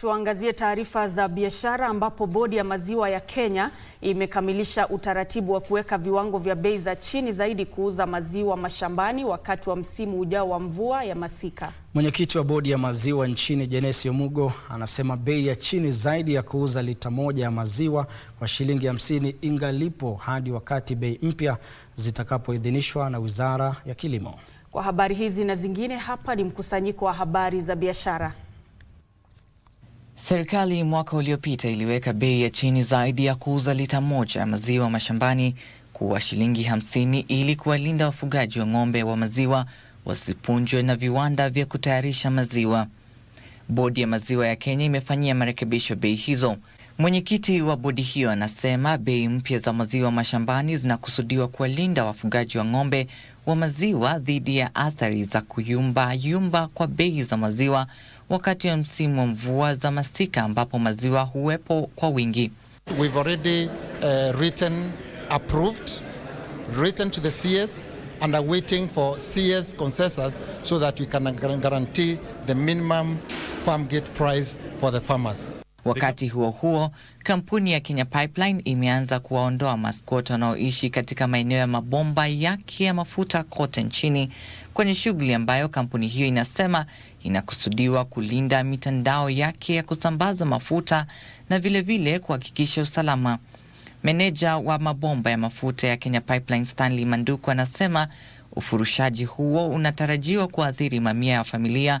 Tuangazie taarifa za biashara ambapo Bodi ya Maziwa ya Kenya imekamilisha utaratibu wa kuweka viwango vya bei za chini zaidi kuuza maziwa mashambani wakati wa msimu ujao wa mvua ya masika. Mwenyekiti wa Bodi ya Maziwa nchini, Jenesi Omugo, anasema bei ya chini zaidi ya kuuza lita moja ya maziwa kwa shilingi hamsini ingalipo hadi wakati bei mpya zitakapoidhinishwa na Wizara ya Kilimo. Kwa habari hizi na zingine, hapa ni mkusanyiko wa habari za biashara. Serikali mwaka uliopita iliweka bei ya chini zaidi ya kuuza lita moja ya maziwa mashambani kuwa shilingi hamsini ili kuwalinda wafugaji wa ng'ombe wa maziwa wasipunjwe na viwanda vya kutayarisha maziwa. Bodi ya maziwa ya Kenya imefanyia marekebisho bei hizo. Mwenyekiti wa bodi hiyo anasema bei mpya za maziwa mashambani zinakusudiwa kuwalinda wafugaji wa ng'ombe wa maziwa dhidi ya athari za kuyumba yumba kwa bei za maziwa wakati wa msimu wa mvua za masika ambapo maziwa huwepo kwa wingi. We've already, uh, written, approved, written to the CS and are waiting for CS consensus so that we can guarantee the minimum farm gate price for the farmers. Wakati huo huo, kampuni ya Kenya Pipeline imeanza kuwaondoa maskota wanaoishi katika maeneo ya mabomba yake ya mafuta kote nchini kwenye shughuli ambayo kampuni hiyo inasema inakusudiwa kulinda mitandao yake ya kusambaza mafuta na vilevile kuhakikisha usalama. Meneja wa mabomba ya mafuta ya Kenya Pipeline Stanley Manduku anasema ufurushaji huo unatarajiwa kuathiri mamia ya familia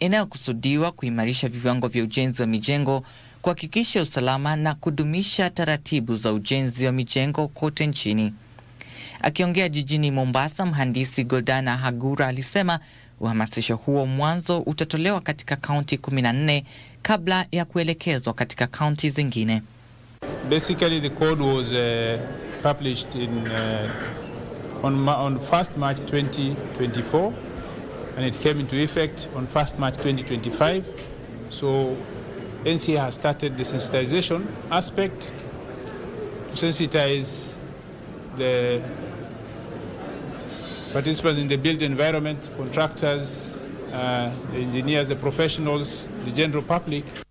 inayokusudiwa kuimarisha viwango vya ujenzi wa mijengo, kuhakikisha usalama na kudumisha taratibu za ujenzi wa mijengo kote nchini. Akiongea jijini Mombasa, mhandisi Goldana Hagura alisema uhamasisho huo mwanzo utatolewa katika kaunti 14 kabla ya kuelekezwa katika kaunti zingine. Basically the code was uh, published in uh, on, on 1st March 2024 and it came into effect on 1st March 2025. So NCA has started the sensitization aspect to sensitize the participants in the built environment, contractors, uh, the engineers, the professionals, the general public.